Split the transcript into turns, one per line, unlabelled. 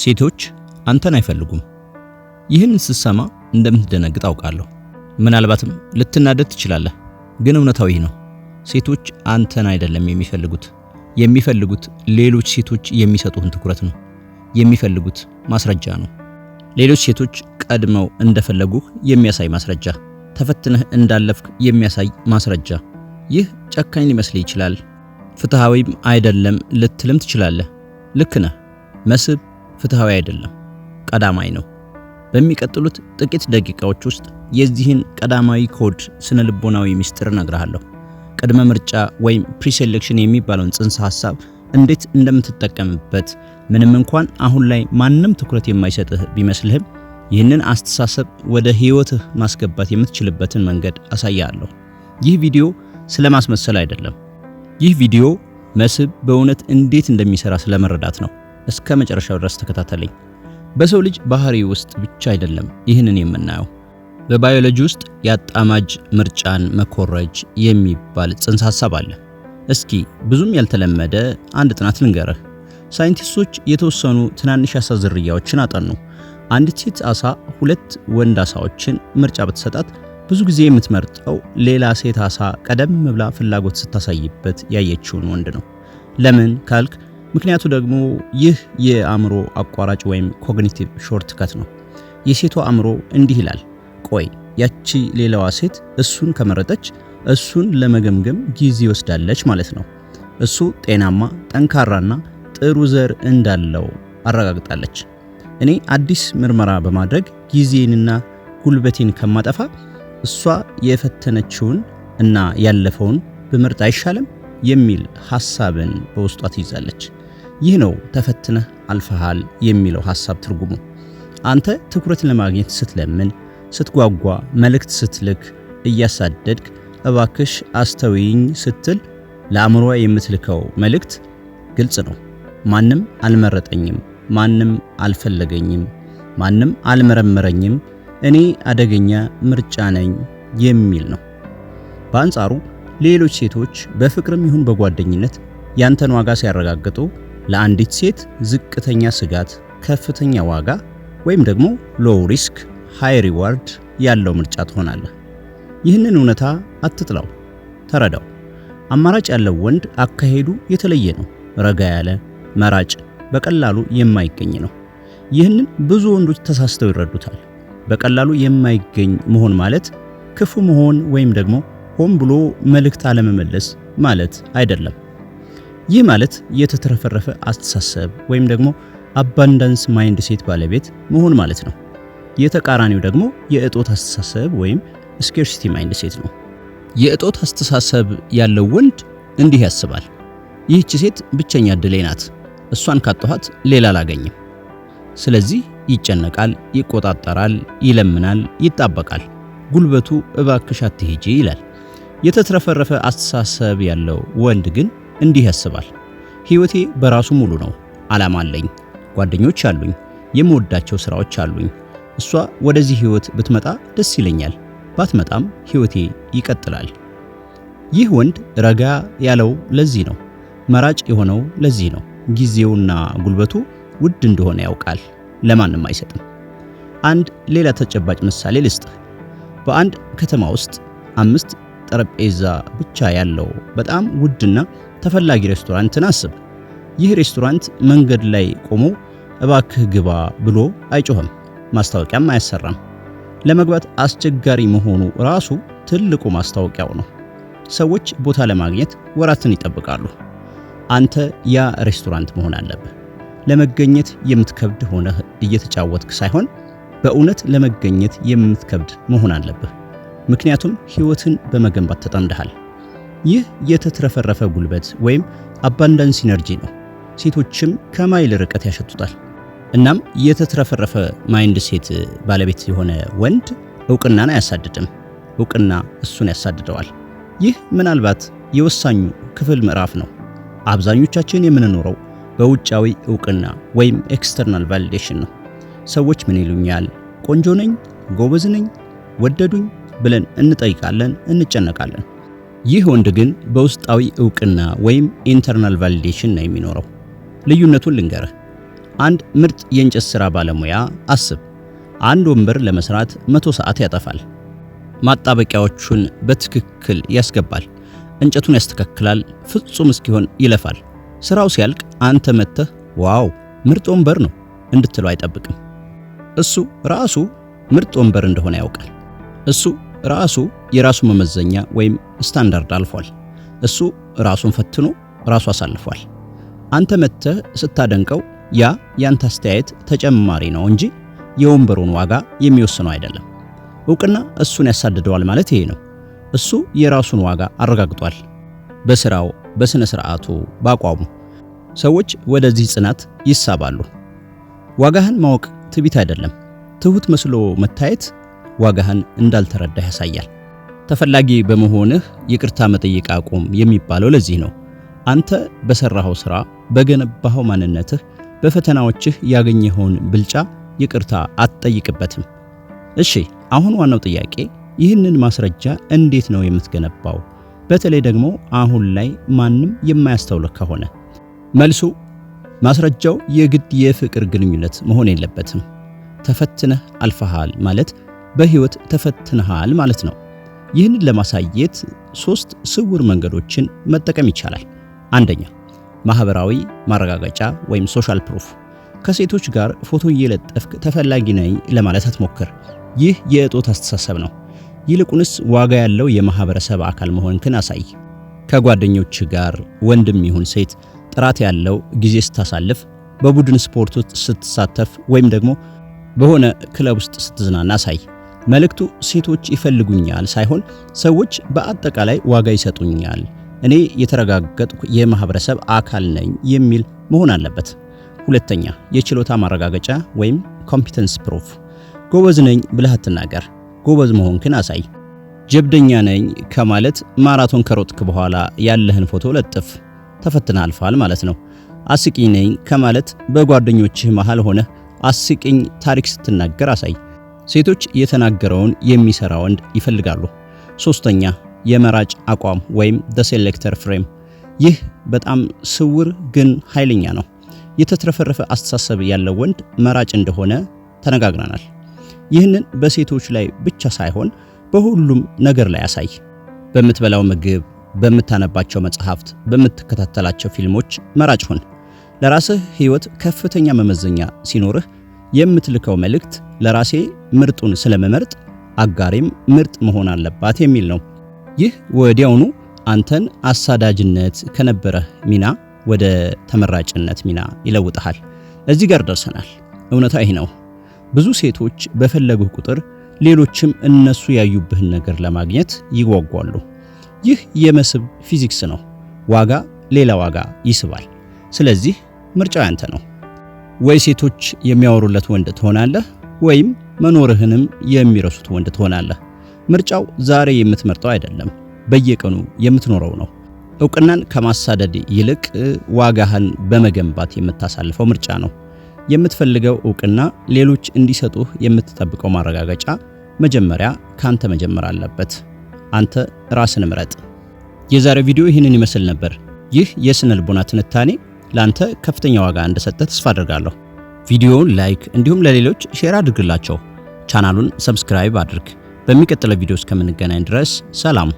ሴቶች አንተን አይፈልጉም። ይህን ስትሰማ እንደምትደነግጥ አውቃለሁ። ምናልባትም ልትናደድ ትችላለህ፣ ግን እውነታው ይህ ነው። ሴቶች አንተን አይደለም የሚፈልጉት። የሚፈልጉት ሌሎች ሴቶች የሚሰጡህን ትኩረት ነው። የሚፈልጉት ማስረጃ ነው። ሌሎች ሴቶች ቀድመው እንደፈለጉህ የሚያሳይ ማስረጃ፣ ተፈትነህ እንዳለፍክ የሚያሳይ ማስረጃ። ይህ ጨካኝ ሊመስል ይችላል፣ ፍትሃዊም አይደለም ልትልም ትችላለህ። ልክ ነህ መስህብ ፍትሐዊ አይደለም፣ ቀዳማዊ ነው። በሚቀጥሉት ጥቂት ደቂቃዎች ውስጥ የዚህን ቀዳማዊ ኮድ ስነ ልቦናዊ ምስጢር እነግርሃለሁ። ቅድመ ምርጫ ወይም ፕሪሴሌክሽን የሚባለውን ጽንሰ ሐሳብ እንዴት እንደምትጠቀምበት ምንም እንኳን አሁን ላይ ማንም ትኩረት የማይሰጥህ ቢመስልህም ይህንን አስተሳሰብ ወደ ህይወትህ ማስገባት የምትችልበትን መንገድ አሳያለሁ። ይህ ቪዲዮ ስለ ማስመሰል አይደለም። ይህ ቪዲዮ መስህብ በእውነት እንዴት እንደሚሰራ ስለመረዳት ነው። እስከ መጨረሻው ድረስ ተከታተለኝ። በሰው ልጅ ባህሪ ውስጥ ብቻ አይደለም ይህንን የምናየው። በባዮሎጂ ውስጥ የአጣማጅ ምርጫን መኮረጅ የሚባል ጽንሰ ሐሳብ አለ። እስኪ ብዙም ያልተለመደ አንድ ጥናት ልንገርህ። ሳይንቲስቶች የተወሰኑ ትናንሽ የአሳ ዝርያዎችን አጠኑ። አንዲት ሴት አሳ ሁለት ወንድ አሳዎችን ምርጫ ብትሰጣት ብዙ ጊዜ የምትመርጠው ሌላ ሴት አሳ ቀደም ብላ ፍላጎት ስታሳይበት ያየችውን ወንድ ነው። ለምን ካልክ ምክንያቱ ደግሞ ይህ የአእምሮ አቋራጭ ወይም ኮግኒቲቭ ሾርት ከት ነው። የሴቷ አእምሮ እንዲህ ይላል፣ ቆይ ያቺ ሌላዋ ሴት እሱን ከመረጠች እሱን ለመገምገም ጊዜ ወስዳለች ማለት ነው። እሱ ጤናማ፣ ጠንካራና ጥሩ ዘር እንዳለው አረጋግጣለች። እኔ አዲስ ምርመራ በማድረግ ጊዜንና ጉልበቴን ከማጠፋ እሷ የፈተነችውን እና ያለፈውን ብምርጥ አይሻልም የሚል ሐሳብን በውስጧ ትይዛለች። ይህ ነው ተፈትነህ አልፈሃል የሚለው ሐሳብ ትርጉሙ። አንተ ትኩረት ለማግኘት ስትለምን፣ ስትጓጓ፣ መልእክት ስትልክ፣ እያሳደድክ እባክሽ አስተውይኝ ስትል ለአእምሮ የምትልከው መልእክት ግልጽ ነው። ማንም አልመረጠኝም፣ ማንም አልፈለገኝም፣ ማንም አልመረመረኝም፣ እኔ አደገኛ ምርጫ ነኝ የሚል ነው። በአንጻሩ ሌሎች ሴቶች በፍቅርም ይሁን በጓደኝነት ያንተን ዋጋ ሲያረጋግጡ ለአንዲት ሴት ዝቅተኛ ስጋት ከፍተኛ ዋጋ ወይም ደግሞ ሎው ሪስክ ሃይ ሪዋርድ ያለው ምርጫ ትሆናለህ። ይህንን እውነታ አትጥላው፣ ተረዳው። አማራጭ ያለው ወንድ አካሄዱ የተለየ ነው። ረጋ ያለ መራጭ፣ በቀላሉ የማይገኝ ነው። ይህንን ብዙ ወንዶች ተሳስተው ይረዱታል። በቀላሉ የማይገኝ መሆን ማለት ክፉ መሆን ወይም ደግሞ ሆን ብሎ መልእክት አለመመለስ ማለት አይደለም። ይህ ማለት የተትረፈረፈ አስተሳሰብ ወይም ደግሞ አባንዳንስ ማይንድ ሴት ባለቤት መሆን ማለት ነው። የተቃራኒው ደግሞ የእጦት አስተሳሰብ ወይም ስኬርሲቲ ማይንድ ሴት ነው። የእጦት አስተሳሰብ ያለው ወንድ እንዲህ ያስባል። ይህች ሴት ብቸኛ እድሌ ናት፣ እሷን ካጠዋት ሌላ አላገኝም። ስለዚህ ይጨነቃል፣ ይቆጣጠራል፣ ይለምናል፣ ይጣበቃል። ጉልበቱ እባክሽ አትሄጂ ይላል። የተትረፈረፈ አስተሳሰብ ያለው ወንድ ግን እንዲህ ያስባል። ሕይወቴ በራሱ ሙሉ ነው። ዓላማ አለኝ፣ ጓደኞች አሉኝ፣ የምወዳቸው ስራዎች አሉኝ። እሷ ወደዚህ ሕይወት ብትመጣ ደስ ይለኛል፣ ባትመጣም ሕይወቴ ይቀጥላል። ይህ ወንድ ረጋ ያለው ለዚህ ነው። መራጭ የሆነው ለዚህ ነው። ጊዜውና ጉልበቱ ውድ እንደሆነ ያውቃል፣ ለማንም አይሰጥም። አንድ ሌላ ተጨባጭ ምሳሌ ልስጥህ። በአንድ ከተማ ውስጥ አምስት ጠረጴዛ ብቻ ያለው በጣም ውድና ተፈላጊ ሬስቶራንትን አስብ። ይህ ሬስቶራንት መንገድ ላይ ቆሞ እባክህ ግባ ብሎ አይጮህም፣ ማስታወቂያም አያሰራም። ለመግባት አስቸጋሪ መሆኑ ራሱ ትልቁ ማስታወቂያው ነው። ሰዎች ቦታ ለማግኘት ወራትን ይጠብቃሉ። አንተ ያ ሬስቶራንት መሆን አለብህ። ለመገኘት የምትከብድ ሆነህ እየተጫወትክ ሳይሆን በእውነት ለመገኘት የምትከብድ መሆን አለብህ። ምክንያቱም ሕይወትን በመገንባት ተጠምደሃል። ይህ የተትረፈረፈ ጉልበት ወይም አባንዳንስ ኢነርጂ ነው። ሴቶችም ከማይል ርቀት ያሸጡታል። እናም የተትረፈረፈ ማይንድ ሴት ባለቤት የሆነ ወንድ እውቅናን አያሳድድም፣ እውቅና እሱን ያሳድደዋል። ይህ ምናልባት የወሳኙ ክፍል ምዕራፍ ነው። አብዛኞቻችን የምንኖረው በውጫዊ እውቅና ወይም ኤክስተርናል ቫሊዴሽን ነው። ሰዎች ምን ይሉኛል፣ ቆንጆ ነኝ፣ ጎበዝ ነኝ፣ ወደዱኝ ብለን እንጠይቃለን፣ እንጨነቃለን። ይህ ወንድ ግን በውስጣዊ እውቅና ወይም ኢንተርናል ቫሊዴሽን ነው የሚኖረው። ልዩነቱን ልንገርህ። አንድ ምርጥ የእንጨት ሥራ ባለሙያ አስብ፣ አንድ ወንበር ለመስራት መቶ ሰዓት ያጠፋል። ማጣበቂያዎቹን በትክክል ያስገባል፣ እንጨቱን ያስተካክላል፣ ፍጹም እስኪሆን ይለፋል። ስራው ሲያልቅ አንተ መጥተህ ዋው ምርጥ ወንበር ነው እንድትለው አይጠብቅም። እሱ ራሱ ምርጥ ወንበር እንደሆነ ያውቃል። እሱ ራሱ የራሱ መመዘኛ ወይም ስታንዳርድ አልፏል። እሱ ራሱን ፈትኖ ራሱ አሳልፏል። አንተ መጥተህ ስታደንቀው ያ ያንተ አስተያየት ተጨማሪ ነው እንጂ የወንበሩን ዋጋ የሚወስነው አይደለም። እውቅና እሱን ያሳድደዋል ማለት ይሄ ነው። እሱ የራሱን ዋጋ አረጋግጧል፣ በስራው፣ በስነ ስርዓቱ፣ በአቋሙ። ሰዎች ወደዚህ ጽናት ይሳባሉ። ዋጋህን ማወቅ ትዕቢት አይደለም። ትሁት መስሎ መታየት ዋጋህን እንዳልተረዳህ ያሳያል። ተፈላጊ በመሆንህ ይቅርታ መጠየቅ አቁም የሚባለው ለዚህ ነው። አንተ በሰራኸው ሥራ፣ በገነባኸው ማንነትህ፣ በፈተናዎችህ ያገኘኸውን ብልጫ ይቅርታ አትጠይቅበትም። እሺ፣ አሁን ዋናው ጥያቄ ይህንን ማስረጃ እንዴት ነው የምትገነባው? በተለይ ደግሞ አሁን ላይ ማንም የማያስተውልህ ከሆነ መልሱ ማስረጃው የግድ የፍቅር ግንኙነት መሆን የለበትም። ተፈትነህ አልፈሃል ማለት በህይወት ተፈትነሃል ማለት ነው። ይህንን ለማሳየት ሶስት ስውር መንገዶችን መጠቀም ይቻላል። አንደኛ ማህበራዊ ማረጋገጫ ወይም ሶሻል ፕሩፍ። ከሴቶች ጋር ፎቶ እየለጠፍክ ተፈላጊ ነኝ ለማለት አትሞክር። ይህ የእጦት አስተሳሰብ ነው። ይልቁንስ ዋጋ ያለው የማህበረሰብ አካል መሆንክን አሳይ። ከጓደኞች ጋር ወንድም ይሁን ሴት ጥራት ያለው ጊዜ ስታሳልፍ፣ በቡድን ስፖርት ውስጥ ስትሳተፍ፣ ወይም ደግሞ በሆነ ክለብ ውስጥ ስትዝናና አሳይ። መልእክቱ ሴቶች ይፈልጉኛል ሳይሆን ሰዎች በአጠቃላይ ዋጋ ይሰጡኛል፣ እኔ የተረጋገጥኩ የማህበረሰብ አካል ነኝ የሚል መሆን አለበት። ሁለተኛ የችሎታ ማረጋገጫ ወይም ኮምፒተንስ ፕሩፍ። ጎበዝ ነኝ ብለህ አትናገር፣ ጎበዝ መሆንክን አሳይ። ጀብደኛ ነኝ ከማለት ማራቶን ከሮጥክ በኋላ ያለህን ፎቶ ለጥፍ፣ ተፈትና አልፋል ማለት ነው። አስቂኝ ነኝ ከማለት በጓደኞችህ መሃል ሆነህ አስቂኝ ታሪክ ስትናገር አሳይ። ሴቶች የተናገረውን የሚሰራ ወንድ ይፈልጋሉ። ሶስተኛ የመራጭ አቋም ወይም ደ ሴሌክተር ፍሬም። ይህ በጣም ስውር ግን ኃይለኛ ነው። የተትረፈረፈ አስተሳሰብ ያለው ወንድ መራጭ እንደሆነ ተነጋግረናል። ይህንን በሴቶች ላይ ብቻ ሳይሆን በሁሉም ነገር ላይ ያሳይ። በምትበላው ምግብ፣ በምታነባቸው መጽሐፍት፣ በምትከታተላቸው ፊልሞች መራጭ ሁን። ለራስህ ህይወት ከፍተኛ መመዘኛ ሲኖርህ የምትልከው መልእክት ለራሴ ምርጡን ስለመመርጥ አጋሬም ምርጥ መሆን አለባት የሚል ነው። ይህ ወዲያውኑ አንተን አሳዳጅነት ከነበረህ ሚና ወደ ተመራጭነት ሚና ይለውጥሃል። እዚህ ጋር ደርሰናል። እውነታ ይህ ነው። ብዙ ሴቶች በፈለጉህ ቁጥር ሌሎችም እነሱ ያዩብህን ነገር ለማግኘት ይጓጓሉ። ይህ የመስህብ ፊዚክስ ነው። ዋጋ ሌላ ዋጋ ይስባል። ስለዚህ ምርጫው ያንተ ነው። ወይ ሴቶች የሚያወሩለት ወንድ ትሆናለህ ወይም መኖርህንም የሚረሱት ወንድ ትሆናለህ። ምርጫው ዛሬ የምትመርጠው አይደለም፣ በየቀኑ የምትኖረው ነው። እውቅናን ከማሳደድ ይልቅ ዋጋህን በመገንባት የምታሳልፈው ምርጫ ነው። የምትፈልገው እውቅና ሌሎች እንዲሰጡህ የምትጠብቀው ማረጋገጫ መጀመሪያ ካንተ መጀመር አለበት። አንተ ራስን ምረጥ። የዛሬው ቪዲዮ ይህንን ይመስል ነበር። ይህ የስነ ልቦና ትንታኔ ለአንተ ከፍተኛ ዋጋ እንደሰጠ ተስፋ አድርጋለሁ። ቪዲዮውን ላይክ እንዲሁም ለሌሎች ሼር አድርግላቸው። ቻናሉን ሰብስክራይብ አድርግ። በሚቀጥለው ቪዲዮ እስከምንገናኝ ድረስ ሰላም